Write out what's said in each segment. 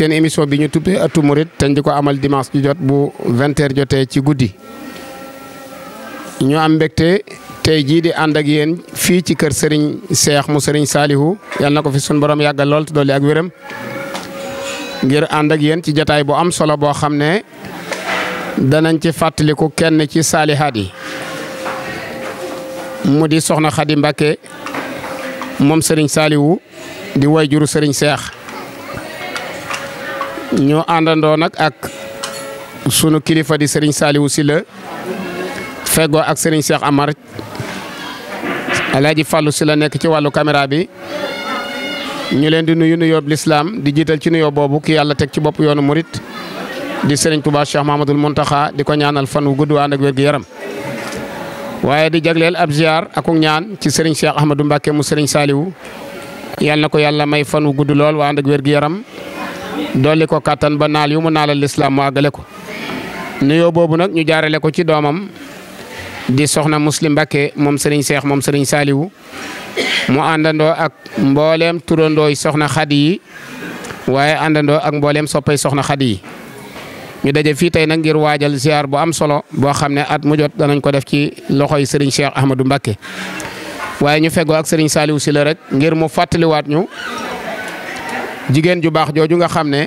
seen émission bi ñu tuppee Ëttu Murid te di ko amal dimanche ju jot bu vingt jotee ci guddi ñu am mbégte tey jii di ànd ak yéen fii ci kër sëriñ Cheikh mu sëriñ Salihu yal na ko fi sun borom yàggal lool te ak wéram ngir ànd ak yéen ci jataay bu am solo boo xam ne danañ ci fàttaliku kenn ci saalihaat yi mu di soxna Xadi Mbàkke moom sëriñ Salihu di way wayjuru sëriñ seex ñu àndandoo nag ak sunu kilifa di Serigne Saliou Sylla feggoo ak Serigne Cheikh Amar Alaaji Fallou Sylla nekk ci wàllu caméra bi ñu leen di nuyu nuyoob lislaam di jiital ci nuyoo boobu ki yàlla teg ci bopp yoonu murit di Serigne Touba Cheikh Mahamadul Muntaxa di ko ñaanal fan wu gudd ànd ak wér yaram waaye di jagleel ab ziar ak ñaan ci Serigne Cheikh Ahmadou Mbacke mu Serigne Saliou yàlla na ko yàlla may fan wu gudd lool waa ànd ak yaram. dolli ko kattan ba naal yu mu naalal lislaam mu àggale ko nuyoo boobu nag ñu jaarale ko ci doomam di soxna muslim Mbacke moom sëriñ Seex moom sëriñ Saaliwu mu àndandoo ak mbooleem turandooy soxna xadi yi waaye àndandoo ak mbooleem soppay soxna xadi yi ñu daje fii tey nag ngir waajal ziar bu am solo boo xam ne at mu jot danañ ko def ci loxoy sëriñ Cheikh Ahmadou Mbacke waaye ñu feggoo ak sëriñ Saliou si rek ngir mu fàttaliwaat ñu jigéen ju baax jooju nga xam ne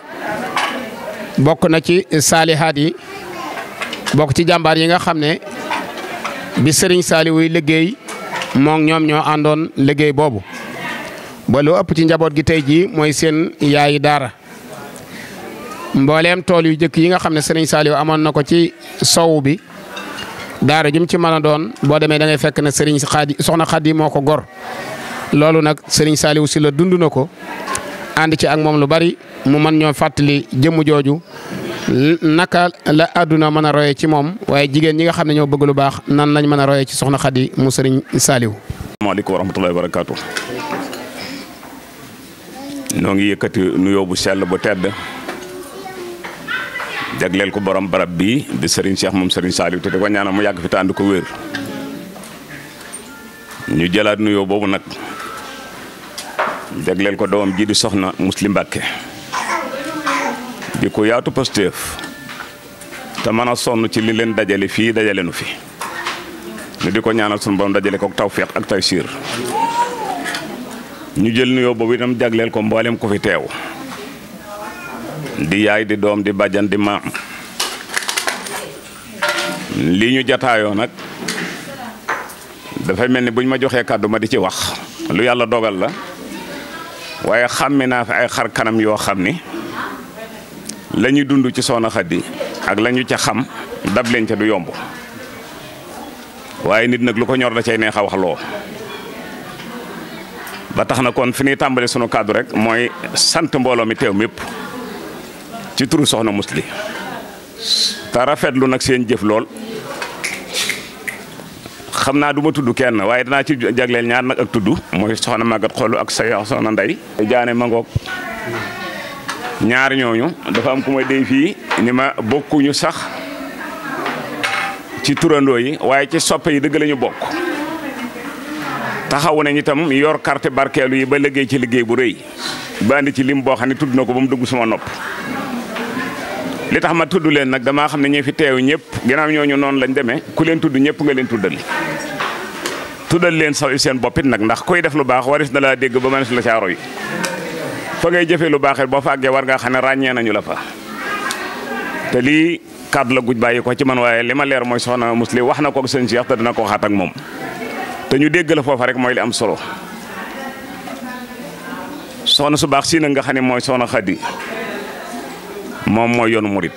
bokk na ci saalihaat yi bokk ci jàmbaar yi nga xam ne bi sëriñ saaliwuy liggéey moom ñoom ñoo àndoon liggéey boobu ba lu ëpp ci njaboot gi tey jii mooy seen yaayi daara mbooleem tool yu jëkk yi nga xam ne sëriñ saaliw amoon na ko ci sow bi daara jum ci mën a doon boo demee da fekk na sëriñ xaadi soxna xaadi moo ko gor loolu nag sëriñ saaliw si la dund na ko ànd ci ak moom lu bari mu man ñoo fàttali jëmm jooju naka la adduna mën a royee ci moom waaye jigéen ñi nga xam ne ñoo bëgg lu baax nan lañ mën a royee ci soxna Xadi mu sëriñ Saaliw. asalaamaaleykum wa rahmatullaahi wa barakaatu. noo ngi yëkkati nuyoo bu sell bu tedd jagleel ko borom barab bi di sëriñ Cheikh moom sëriñ Saaliw te di ko ñaanal mu yàgg fi te ànd ko wér ñu jëlaat nuyoo boobu nag. jagleel ko doom ji di soxna Muslim Mbàkke di ko yaatu Pastef te mën a sonn ci li leen dajale fii dajale nu fi ñu di ko ñaanal sunu borom dajale ko feex ak taysiir ñu jël nuyoo boobu itam jagleel ko mboolem ko fi teew di yaay di doom di bajjan di maam lii ñu jataayoo nag dafay mel ni buñ ma joxee kàddu ma di ci wax lu yàlla dogal la waaye xàmme naa fi ay xar kanam yoo xam ni la ñuy dund ci Soxna Xadi ak lañu ca xam dab ca du yomb waaye nit nag lu ko ñor da cay neex a wax loo ba tax na kon fi ñuy tàmbali sunu kàddu rek mooy sant mbooloo mi teew mépp ci turu Soxna Musli te rafetlu nag seen jëf lool xam naa du ma tudd kenn waaye danaa ci jagleel ñaar nag ak tudd mooy soxna Maguette Xolu ak sa soxna Ndey jaane ma ngoog ñaar ñooñu dafa am ku ma dey fii ni ma bokkuñu sax ci turandoo yi waaye ci soppe yi dëgg lañu bokk taxawu nañ itam yor carte barkeelu yi ba liggéey ci liggéey bu rëy ba andi ci lim boo xam ne tudd na ko ba mu dugg sama nopp li tax ma tudd leen nag damaa xam ne ñi fi teew ñëpp ginnaaw ñooñu noonu lañ demee ku leen tudd ñëpp nga leen tuddal tuddal leen saw seen boppit nag ndax koy def lu baax waris na laa dégg ba mënees la caaro yi fa ngay jëfee lu baaxee boo fa àggee war ngaa xam ne ràññee nañu la fa te lii kàddu la guj bàyyi ko ci man waaye li ma leer mooy soxna musli wax na ko ak sëñ Cheikh te dina ko waxaat moom te ñu dégg la foofa rek mooy li am solo soxna su baax sii nag nga xam ne mooy soxna Xadi moom mooy yoonu murit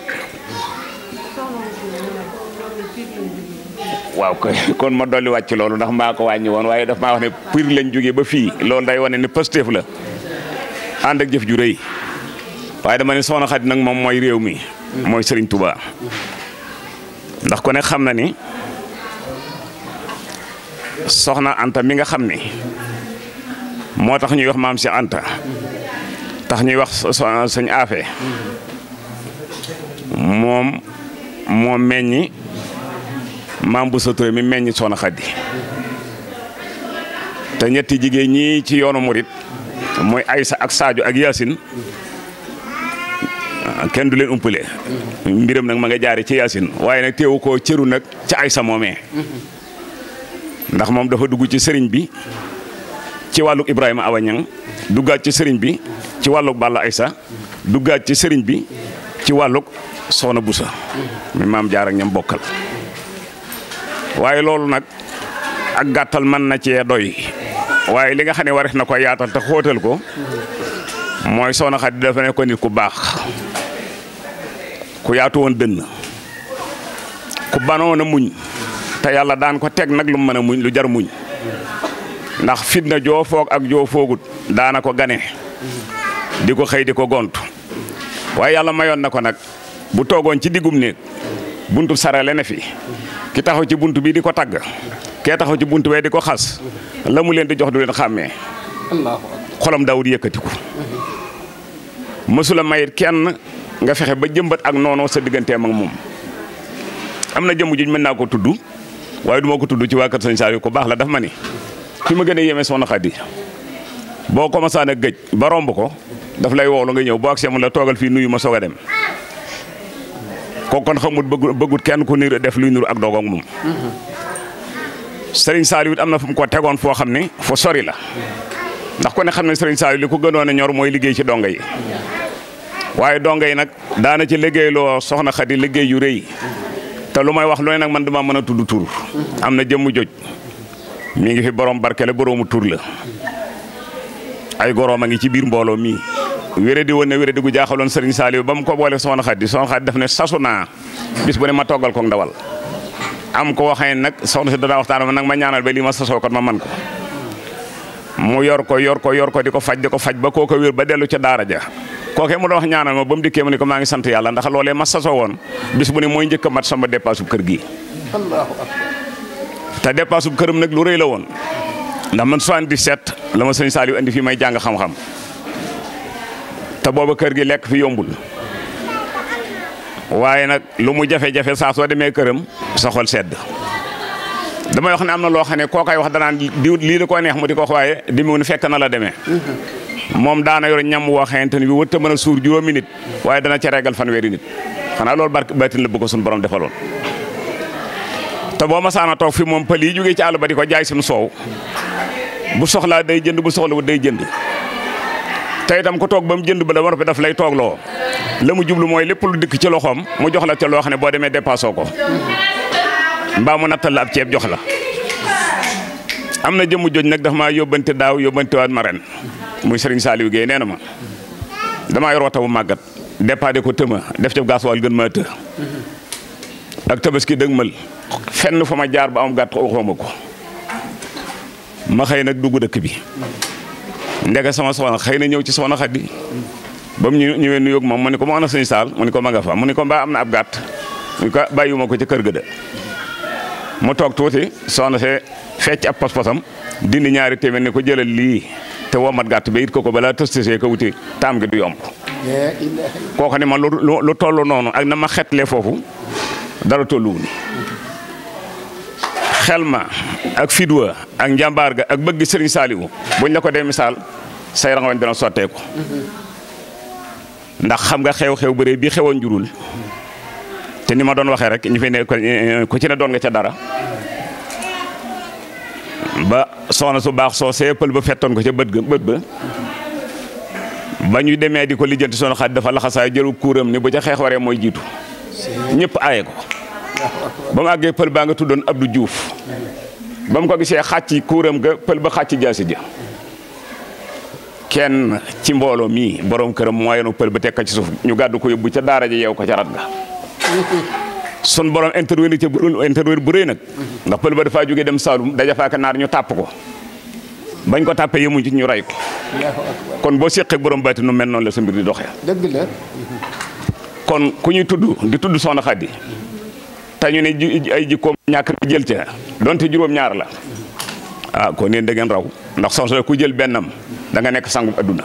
waaw kon ma dolli wàcc loolu ndax maa ko wàññi woon waaye daf maa wax ne pir lañ jógee ba fii loolu day wane ne Pastef la ànd ak jëf ju rëy waaye dama ne soxna nag moom mooy réew mi mooy Serigne Touba ndax ku xam na ni soxna Anta mi nga xam ni moo tax ñuy wax maam si Anta tax ñuy wax sëñ Afe moom moo meññi maam bu sa Touré mi meññ soxna Xadi te ñetti jigéen ñii ci yoonu murit mooy Aysa ak Sadio ak Yacine kenn du leen umpale mbiram nag ma nga jaare ci Yacine waaye nag teewu koo cëru nag ci Aysa moomee ndax moom dafa dugg ci sëriñ bi ci wàlluk Ibrahima Awañang duggaat ci sëriñ bi ci wàlluk Balla Aysa duggaat ci sëriñ bi ci wàlluk Soxna Busa mi maam jaar ak bokkal waaye loolu nag ak gàttal man na cee doy waaye li nga xam ne wareef na ko yaatal te xóotal ko mooy soxna Xadi dafa ne ko nit ku baax ku yaatu woon dënn ku banoon muñ te yàlla daan ko teg nag lu mën a muñ lu jar muñ ndax fitna joo foog ak joo foogut daana ko gane di ko xëy di ko gont waaye yàlla mayoon na ko nag bu toogoon ci diggum néeg buntu sarale ne fi ki taxaw ci bunt bii di ko tagg kee taxaw ci bunt bee di ko xas la mu leen di jox du leen xàmmee xolam daawut yëkkatiku mësula mayit kenn nga fexe ba jëmbat ak noonoo sa digganteem ak moom am na jëmm juñ mën naa ko tudd waaye du ko tudd ci waa kër sëñ Saaliw baax la daf ma ni fi ma gën a soo soxna Xadi boo commencé na gëj ba romb ko daf lay woolu nga ñëw boo ak mu la toogal fii nuyu ma soog a dem ko kon xamut bëggu bëggut kenn ku niir def luy niru ak dogoog moom. Serigne am na fu mu ko tegoon foo xam ne fu sori la ndax ku ne xam ne Serigne Saliou li ko gënoon a ñor mooy liggéey ci donga yi waaye donga yi nag daana ci liggéeyloo soxna Xadi liggéey yu rëy te lu may wax looy nag man dama mën a tudd tur am na jëmm joj mi ngi fi borom barke boroomu tur la ay goroom a ngi ci biir mbooloo mii. wéradi woon ne wéradi gu jaaxaloon Serigne Saliou ba mu ko boole soxna Xadi soxna Xadi daf ne sasu naa bis bu ne ma toggal ko ndawal am ko waxee nag soxna si danaa waxtaan ma nag ma ñaanal ba lii ma sasoo kon ma man ko mu yor yor ko yor ko di ko faj ko faj ba koo ko wér ba dellu ca daara ja kookee mu doon wax ñaanal ba mu dikkee ne ko maa ngi sant yàlla ndax loolee ma sasoo woon bis bu ne mooy njëkk a mat sama dépasse bu kër gi te dépasse bu këram nag lu rëy la woon ndax man 77 la ma sëñ Saliou andi fi may jàng xam-xam te booba kër gi lekk fi yombul waaye nag lu mu jafe-jafe saa soo demee këram sa xol sedd damay wax ne am na loo xam ne koo koy wax danaan diw lii la ko neex mu di ko wax waaye demeewul fekk na la demee. moom daana yor ñam woo xamante ni wërta mën a suur juróomi nit waaye dana ca regal fanweeri nit xanaa loolu barke baatin la bu ko suñu defaloon. te boo ma saana fi moom pël yi jógee ci ba di ko jaay suñu soow bu soxlaa day jënd bu soxlawut day jënd. tey itam ko toog ba mu jënd ba dama daf lay toogloo la mu jublu mooy lépp lu dikk ci loxoom mu jox la ca loo xam ne boo demee dépassé ko mbaa mu nattal la ab ceeb jox la. am na jëmm jooju nag dafa maa yóbbante daaw yóbbante waat ma ren muy Serigne Saliou Guèye nee na ma damaa yor oto bu màggat dépadé ko tëma def ca gasoil gën ma të. ak tabaski dëgmal fenn fa ma jaar ba am gàtt xaw ko ma xëy nag dugg dëkk bi ndega sama soxna xëy na ñëw ci soxna Xadi ba mu ñu ñëwee nuyoog moom mu ne ko ma ana sëñ Saal mu ne ko ma nga fa mu ne ko mbaa am na ab gàtt mu ne ko ah, bàyyiwuma ko ci kër ga de mu toog tuuti soxna see fecc ab pos-posam dindi ñaari téeméer ne ko jëlal lii te womat gàtt ba it ko ko balaa tëstisee ko wuti taam gi du yomb koo xam ne man lu lu toll noonu ak na ma xetlee foofu dara tolluwu xel ma ak fidwa ak njàmbaar ga ak bëgg sëriñ saaliwu buñ la ko dee misaal say rangoñ dana sotteeku ndax xam nga xew-xew bëree bi xewoon njurul te ni ma doon waxee rek ñu fi ne ku ci ne doon nga ca dara ba soxna su baax soo seepal ba fettoon ko ca bët bët ba ba ñu demee di ko lijjanti soxna xaat dafa laxasaay jëru kuuram ni bu ca xeex waree mooy jiitu ñëpp aaye ko ba mu àggee pël baa nga tuddoon Abdou Diouf ba mu ko gisee xàcc kuuram ga pël ba xàcc jaasi ja kenn ci mbooloo mii borom këram moo yenu pël ba teg ko ci suuf ñu gàdd ko yóbbu ca daara ji yeew ko ca rat ga sun borom intervenir ca bu rëy nag ndax pël ba dafaa jógee dem Saalum daja faaka naar ñu tàpp ko bañ ko tàppee yemuñ ci ñu ray ko kon boo séqee borom bayti nu mel noonu la sa mbir di doxee dëgg la kon ku ñuy tudd di tudd soxna Xadi te ne ay jikkoom ñàkk jël ca donte juróom-ñaar la ah kon yéen da ngeen raw ndax soxna ku jël bennam danga nekk sangu adduna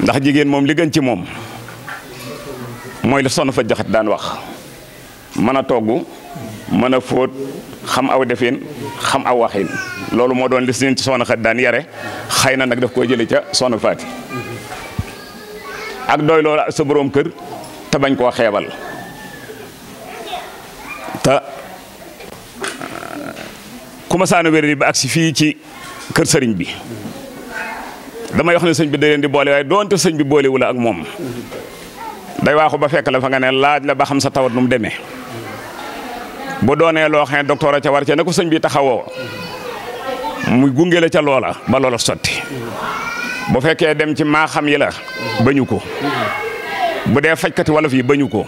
ndax jigéen moom li gën ci moom mooy la soxna fa jaxat daan wax mën a togg mën a fóot xam aw defin xam aw waxin loolu moo doon li si ci soxna xat daan yare xëy na nag daf koo jëlee ca soxna faati ak doy loolu sa borom kër te bañ koo xeebal. ku ma saana wér ba agsi fii ci kër sëriñ bi damay wax ne sëñ bi da leen di boole waaye doonte sëñ bi boolewu la ak moom day waaxu ba fekk la fa nga ne laaj la ba xam sa tawat nu mu demee bu doonee loo xam ne docteur a ca war ca na ko sëñ bi taxawoo muy gunge la ca loola ba loola sotti bu fekkee dem ci maaxam yi la bañu ko bu dee fajkati wolof yi bañu ko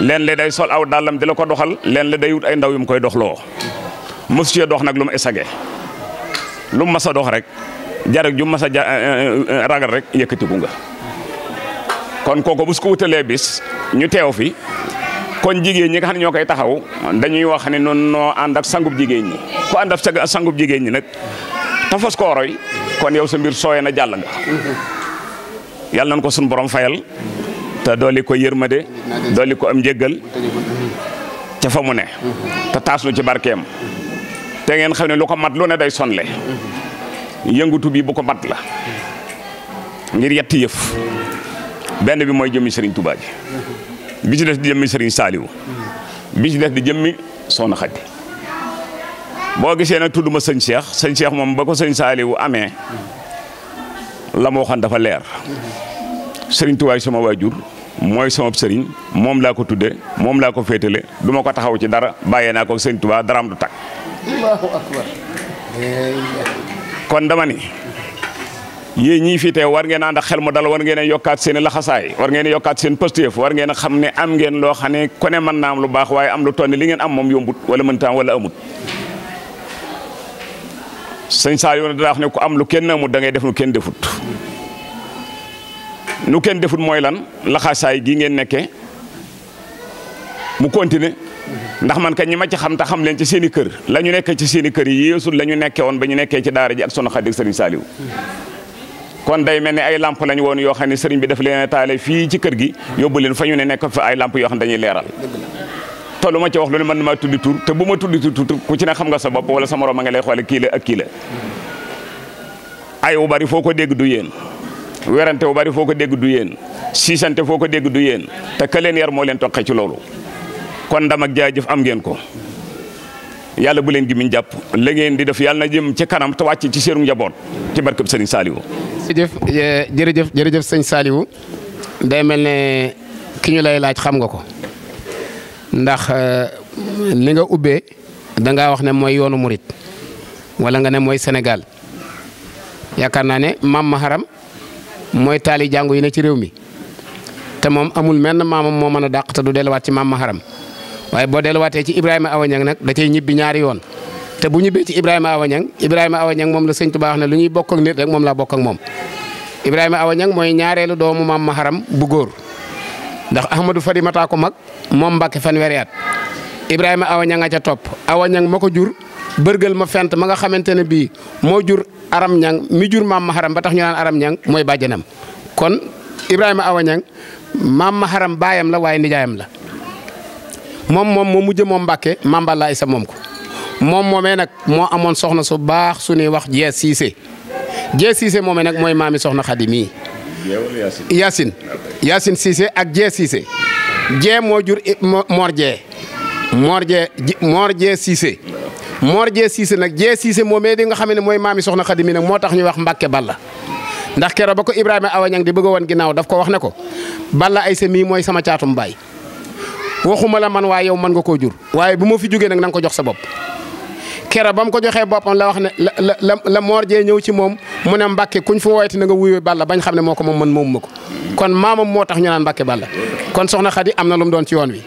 leen la day sol aw dàllam di la ko doxal leen la day wut ay ndaw yu mu koy doxloo mosu cee dox nag lu mu essagee lu mas a dox rek jarag ju mas a eh, eh, eh, ragal rek yëkkatiku nga kon kooku bu su ko wutalee bis ñu teew fi kon jigéen ñi nga xam ne ñoo koy taxaw dañuy wax ne noonu noo ànd ak sangub jigéen ñi ku ànd sangub jigéen ñi nag tafas ko roy kon yow sa mbir sooyee na jàll nga yàlla nañ ko suñ borom fayal te dooli ko yërmade dooli ko am njéggal ca fa mu ne te taas nu ci barkeem te ngeen xam ne lu ko mat lu ne day sonle yëngutu bi bu ko mat la ngir yetti yëf benn bi mooy jëmmi Serigne Touba ji bi ci des di jëmmi Serigne Saliou bi ci des di jëmmi Soxna Xadi boo gisee nag tudd ma sëñ Cheikh sëñ Cheikh moom ba ko sëñ Saliou amee la ma waxoon dafa leer Serigne Touba sama waajur mooy sama sëriñ moom laa ko tudde moom laa ko féetale du ma ko taxaw ci dara bàyyee naa ko sëñ Touba daraam du takk allahu akbar kon dama ni yéen ñii fii war ngeen ànd ak xel mu dal war ngeen a yokkaat seen laxasaay war ngeen a yokkaat seen pëstéef war ngeen a xam ne am ngeen loo xam ne ku ne mën naa am lu baax waaye am lu toll li ngeen am moom yombut wala mën taam wala amut sëñ saa yoon daa ne ku am lu kenn amut da ngay def lu kenn defut lu kenn defut mooy lan laxasaay gi ngeen nekke mu continuer ndax man ka ñi ma ci xam te xam leen ci seen i kër la ñu nekk ci seen kër yi yéesul la nekkee woon ba ñu nekkee ci daara ji ak sunu xarit sëriñ Saliou kon day mel ni ay lamp lañ woon yoo xam ne sëriñ bi daf leen taale fii ci kër gi yóbbu leen fa ñu ne nekk fa ay lamp yoo xam ne dañuy leeral tollu ma ci wax lu ne man maa tuddi tur te bu ma tuddi tur ku ci ne xam nga sa bopp wala sa morom ma lay xoole kii la ak kii ay wu bari foo ko dégg du yéen werante wu bari foo ko dégg du yéen siisante foo ko dégg du yéen te ka leen moo leen toqee ci loolu kon ndam ak jaajëf am ngeen ko yàlla bu leen gi jàpp la di def yàlla na jëm ci kanam te wàcc ci seenu njaboot ci barkeb sëriñ Saliou. jërëjëf jërëjëf jërëjëf sëñ Saliou day mel ne ki ñu lay laaj xam nga ko ndax euh, li nga ubbee da wax ne mooy yoonu murit wala nga ne mooy Sénégal yaakaar naa ne maam Maharam mooy taali jàngu yi ne ci réew mi te moom amul menn maamam moo mën a dàq te du delluwaat ci maam Maharam waaye boo delluwaatee ci Ibrahima Awa Niang nag da cay ñibbi ñaari yoon te bu ñibbee ci Ibrahima Awa Niang Ibrahima Awa Niang moom la sëñ Tuubaa wax lu ñuy bokk ak nit rek moom Ibrahima Awa Niang mooy ñaareelu doomu maam Maharam bu góor ndax Ahmadou Fadimataa ko mag moom Mbàkke fanweeri at Ibrahima Awa Niang a ca topp Awa Niang ma ko jur. bërgël ma fent ma nga xamante ne bii moo jur aram ñang mi jur maam maharam ba tax ñu naan aram ñang mooy bàjjanam kon Ibrahima Awa Ñang maam maharam baayam la waaye nijaayam la moom moom moo mujj moom Mbàkke Mamba Laay sa moom ko moom moomee nag moo amoon soxna su baax su wax Jee Siise Jee Siise moomee nag mooy maami soxna Xadi mii Yacine Yacine Siise ak Jee Siise Jee moo jur Mor Jee Mor Jee Mor Jee Siise Mor Jee Siise nag Jee Siise moomee di nga xam ne mooy maami soxna Xadi mii nag moo tax ñuy wax Mbàkke Balla ndax keroog ba ko Ibrahima Awa Ñang di bëgg woon ginnaaw daf ko wax ne ko Balla Aysa mii mooy sama caatum baay waxuma la man waa yow mën nga koo jur waaye bu ma fi jógee nag na nga ko jox sa bopp kera ba mu ko joxee boppam la wax ne la la la la moor jee ñëw ci moom mu ne mbàkke kuñ fa woowati na nga wuyu balla bañ xam ne moo ko moom man moomu ma ko kon maamam moo tax ñu naan mbàkke balla kon soxna Xadi am na lu mu doon ci yoon wi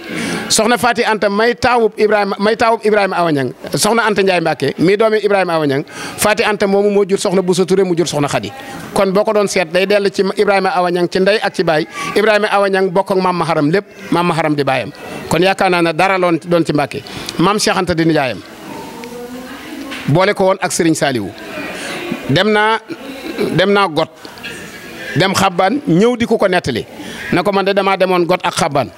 soxna Faati Anta may taawub Ibrahima may taawub Ibrahima Awañang soxna Anta Ndiaye Mbacke mii doomi Ibrahima Awañang Faati Anta moomu moo jur soxna Boussa Touré mu jur soxna Khady kon boo ko doon seet day dell ci Ibrahima Awañang ci ndey ak ci baay Ibrahima Awañang bokk ak maam Maharam lépp maam di baayam kon yaakaar naa ne dara loon doon ci Mbacke maam Cheikh di nijaayam boole ko woon ak Serigne Saliou dem naa dem naa got dem xabban ñëw di ko ko nettali na ko man de damaa demoon got ak xabban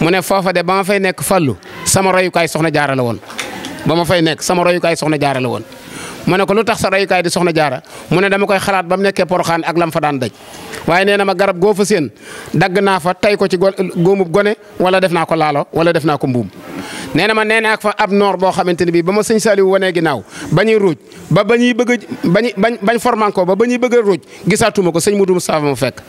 mu ne foofa de ba ma fay nekk fallu sama royukaay soxna jaara la woon ba ma fay nekk sama royukaay soxna jaara la woon. mu ne ko lu tax sa kaay di soxna jaara mu ne dama koy xalaat ba mu nekkee poroxaan ak lam fa daan daj waaye nee na ma garab goo fa séen dagg naa fa tay ko ci góomub gone wala def naa ko laalo wala def naa ko mbuum nee na ma nee naa fa ab noor boo xamante ne bii ba ma sëñ Saliou wanee ginnaaw ba ñuy ruuj ba ba ñuy bëgg a bañ bañ formankoo ba ba ñuy bëgg a ruuj gisaatuma ko sëñ Moudou Moustapha ma fekk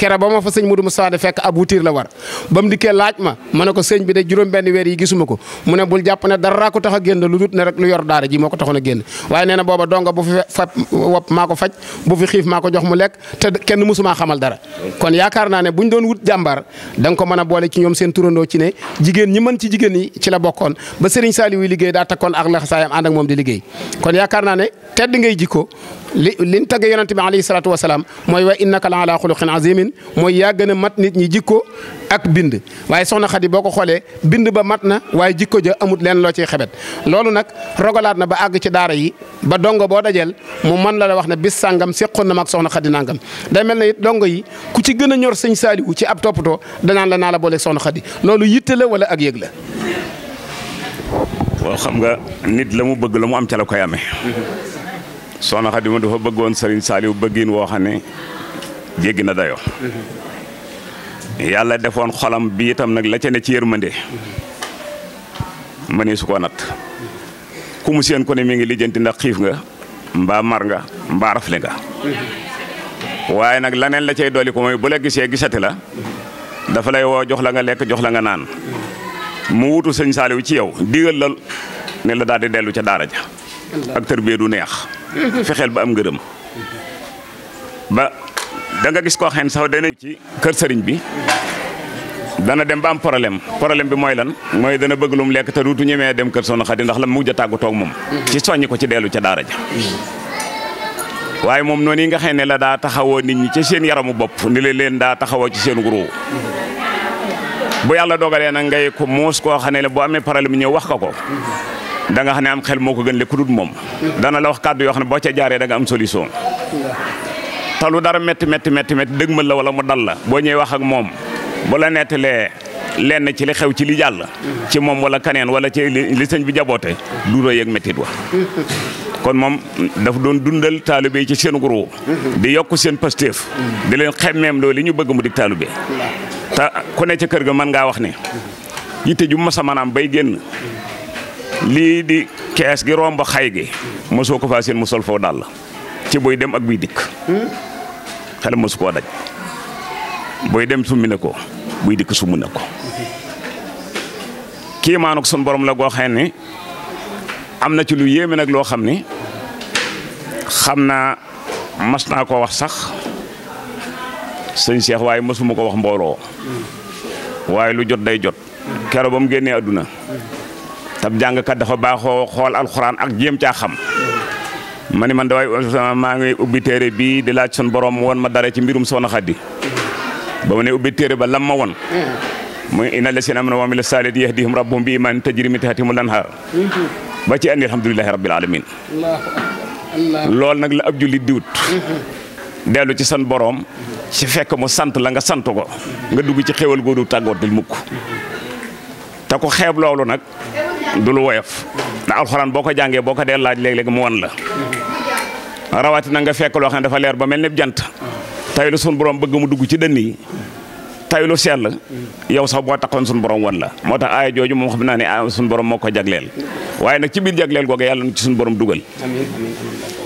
kere ba ma fa sëñ Moudou Moustapha di fekk ab wutir la war ba mu dikkee laaj ma ma ne ko sëñ bi de juróom benn weer yi gisuma ko mu ne bul jàpp ne dara ko tax a génn lu dut ne rek lu yor daara ji moo ko taxoon a génn waaye nee na booba donga bu fi fab wopp maa faj bu fi xiif maa ko jox mu lekk te kenn mësumaa xamal dara kon yaakaar naa ne buñ doon wut jàmbaar da ko mën a boole ci ñoom seen turandoo ci ne jigéen ñi mën ci jigéen ñi ci la bokkoon ba Serigne Saliou yu liggéey daa takkoon ak laxasaayam ànd ak moom di liggéey kon yaakaar naa ne tedd ngay jikko li liñ tagge yonente bi alayhi salaatu wasalaam mooy wa innaka la ala xuluqin azimin mooy yaa gën a mat nit ñi jikko ak bind waaye soxna Xadi boo ko xoolee bind ba mat na waaye jikko ja amut leen loo ciy xebet loolu nag rogalaat na ba àgg ci daara yi ba dongo boo dajeel mu man la la wax ne bis sàngam séqoon na mag soxna Xadi nangam day mel ne it dongo yi ku ci gën a ñor sëñ Saaliwu ci ab toppatoo danaan la naa la booleeg soxna Xadi loolu yitte la wala ak yëg la. waaw xam nga nit la mu bëgg la mu am ca la koy amee. soxna Xadi ma dafa bëggoon sëriñ Saaliwu woo xam ne jéggi na yàlla defoon xolam bi itam nag la ca ne ci yërmande mënee su ko nat ku mu seen ko ne mi ngi lijjanti ndax xiif nga mbaa mar nga mbaa rafle nga waaye nag laneen la cay dolli ko mooy bu la gisee gisati la dafa lay woo jox la nga lekk jox la nga naan mu wutu sëñ Saaliw ci yow digal la ne la daal di dellu ca daara ja ak tër bee du neex fexeel ba am ngërëm ba da nga gis koo xam ne sax dana ci kër sëriñ bi dana dem ba am problème problème bi mooy lan mooy dana bëgg lu mu lekk te duutu a dem kër soxna Xadi ndax la mujj a tàggu toog moom mm-hmm. ci soññ ko ci dellu ca daara ja mm-hmm. waaye moom noonu yi nga xam la daa taxawoo nit ñi ci seen yaramu bopp ni leen leen daa taxawoo ci seen guruu mm-hmm. bu yàlla dogalee nag ngay ko muus koo xam ne la boo amee problème ñëw wax ko ko danga xam ne am xel moo ko gën le moom dana la wax kàddu yoo xam ne boo ca jaaree da nga am solution talu dara métti métti métti métti dëgg ma la wala mu dal la boo ñëwee wax ak moom bu la nettalee lenn ci li xew ci li jàll. ci moom wala kaneen wala ci li sëñ bu jaboote du rëy ak méttit wa kon moom dafa doon dundal taalibe yi ci seen guru di yokk seen pastéef di leen xemmeem loolu li ñu bëgg mu di taalibe te ku nekk ca kër ga man ngaa wax ni yitte ju masa maanaam bay génn lii di kees gi romb xay gi mosoo ko faa seen mu sol daal la ci buy dem ak buy dikk xelam masu koo daj buy dem summi na ko buy dikk summi na ko kii maanuk sun borom la goo xam ne am na ci lu yéeme nag loo xam ne xam naa mas naa ko wax sax sëñ Cheikh waaye masuma ko wax mbooloo waaye lu jot day jot kero ba mu génnee àdduna tab jàngkat dafa baaxoo xool alxuraan ak jéem caa xam ma ni man da waay maa ngi ubbi téere bii di laaj sun borom woon ma dara ci mbirum soxna Xadi ba ma ne ubbi téere ba lam ma woon muy inna lasina amanu wa amilu saalihat yahdihum rabbuhum bi iman tajri min tahtihimul anhar ba ci andi alhamdulilahi rabbil alamin loolu nag la ab jullit di wut dellu ci san boroom ci fekk mu sant la nga sant ko nga dugg ci xéwal goodu tàggootil mukk te ko xeeb loolu nag du lu woyof ndax alxuraan boo ko jàngee boo ko dee rawatina nga fekk loo xam ne dafa leer ba mel ne jant taylu sun borom bëgg mu dugg ci dënn yi taylu sell yow sax boo takkoon sun borom wan la moo tax aaya jooju moom xam naa ne a sun borom moo ko jagleel waaye nag ci biir jagleel googu yàlla na ci sun borom dugal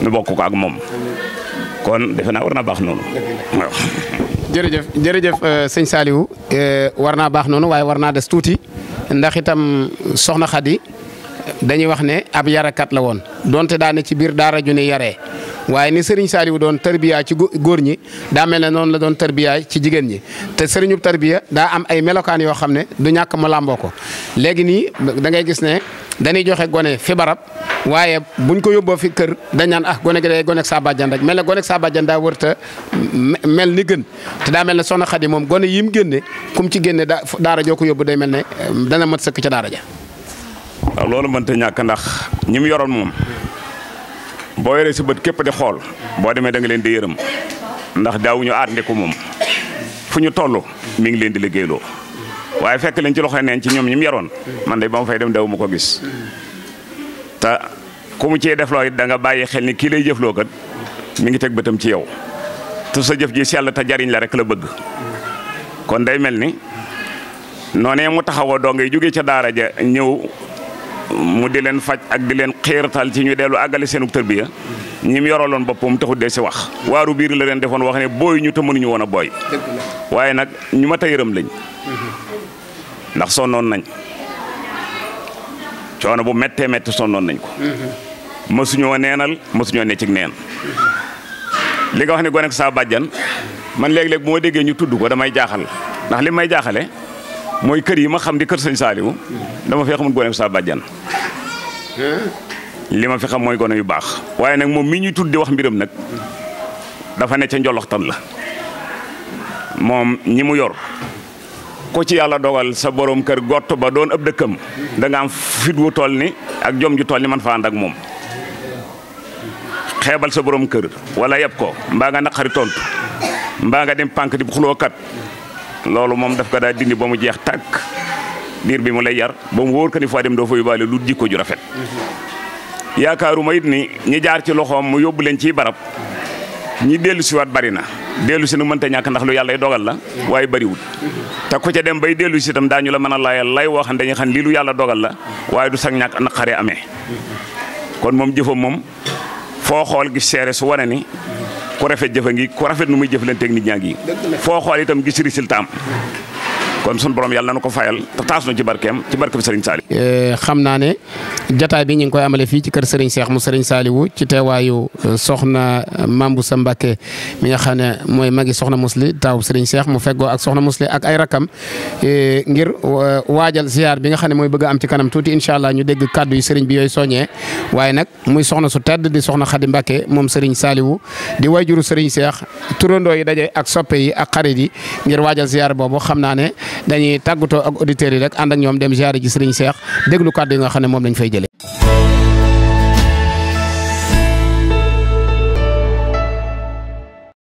nu bokk ko ak moom kon defe naa war naa baax noonu jërëjëf jërëjëf euh, sëñ Saliou euh, war naa baax noonu waaye war naa des tuuti ndax itam soxna Xadi dañuy wax ne ab yarakat la woon donte daane ci biir daara ju ne yaree waaye ni Serigne Saliou doon tarbiya ci góor ñi daa mel ne noonu la doon tarbiya ci jigéen ñi te Serigne tarbiya daa am ay melokaan yoo xam ne du ñàkk mu làmboo ko léegi nii da ngay gis ne dañuy joxe gone fi barab waaye buñ ko yóbboo fi kër dañ naan ah gone gi day gone ak sa bàjjan rek mel ne gone ak daa wër te mel ni gën te daa mel ne soxna Xadi moom gone yim génne kum ci génne daa daara joo ko yóbbu day mel ne dana mat sëkk ca daara ja loolu mënta ñàkk ndax ñi yoroon moom boo yoree si bët képp di xool boo demee da leen di yërëm ndax daawuñu aat ndeku moom fu ñu toll mu ngi leen di liggéeyloo waaye fekk leen ci loxo neen ci ñoom ñi mu yaroon man day ba ma fay dem daw mu ko gis te ku mu def loo it da nga bàyyi xel ni kii lay jëfloo kat mi ngi teg bëtam ci yow te sa jëf ji sell te jariñ la rek la bëgg kon day mel ni noonee mu taxawoo doo ngay jóge ca daara ja ñëw mu di leen faj ak di leen xiirtal ci ñu dellu àggale seenug tërbiya ñim yoraloon boppam taxut de si wax waaru biir la leen defoon wax ne booy ñu te mënuñu woon a booy waaye nag ñu mata yërëm lañ ndax sonnoon nañ coono bu mettee métti sonnoon nañ ko mësuñoo neenal mësuñoo ne ci neen li nga wax ne gone ak saa bàjjan man léeg-léeg moo déggee ñu tudd ko damay jaaxal ndax li may jaaxale mooy kër yi ma xam di kër sëñ Saliou dama fee xamul gone saa bàjjan li ma fi xam mooy gone yu baax waaye nag moom mi ñuy tudd di wax mbiram nag dafa ne ca njoloxtan la moom ñi mu yor ko ci yàlla dogal sa boroom kër gott ba doon ab dëkkam danga am fit wu toll ni ak jom ju toll ni man fa ànd ak moom xeebal sa boroom kër wala yeb ko mbaa nga naqari tontu mbaa nga dem pànk di xuloo kat loolu moom daf ko daa dindi ba mu jeex tàkk biir bi mu lay yar ba mu wóor ko ni foo dem doo fa yóbbaale lu jikko ju rafet yaakaaruma it ni ñi jaar ci loxoom mu yóbbu leen ciy barab ñi dellu siwaat bari na dellu si nu mënta ñàkk ndax lu yàlla dogal la waaye bariwul te ku ca dem bay dellu si itam ñu la mën a laayal lay woo xam dañuy xam lii lu yàlla dogal la waaye du sax ñàkk naqare amee kon moom jëfam moom foo xool gis seere su wane ni ku rafet jëfa ngi ku rafet nu muy jëflanteeg nit ñaa ngi foo xool itam gis résultat kon sunu borom yàlla na ko fayal te taas na ci barkeem ci barke eh, xam naa ne jataay bi ñu ngi koy amale fii ci kër Serigne Cheikh mu Serigne Saliou ci teewaayu eh, soxna eh, Mame Boussa Mbacké mi nga xam ne mooy magi soxna Mously taawu Serigne seex mu feggoo ak soxna Mously ak ay rakam ngir waajal ziar bi nga xam ne mooy bëgg am ci kanam tuuti incha allah ñu dégg kàddu yi Serigne bi yooyu soññee waaye nag muy soxna su tedd di soxna Khady Mbacké moom Serigne Saliou di waajuru Serigne Cheikh turandoo yi daje dañuy tàggatoo ak auditeurs yi rek ànd ak ñoom dem ziare ji Serigne Cheikh déglu kàddu yi nga xam ne moom lañ fay jëlee.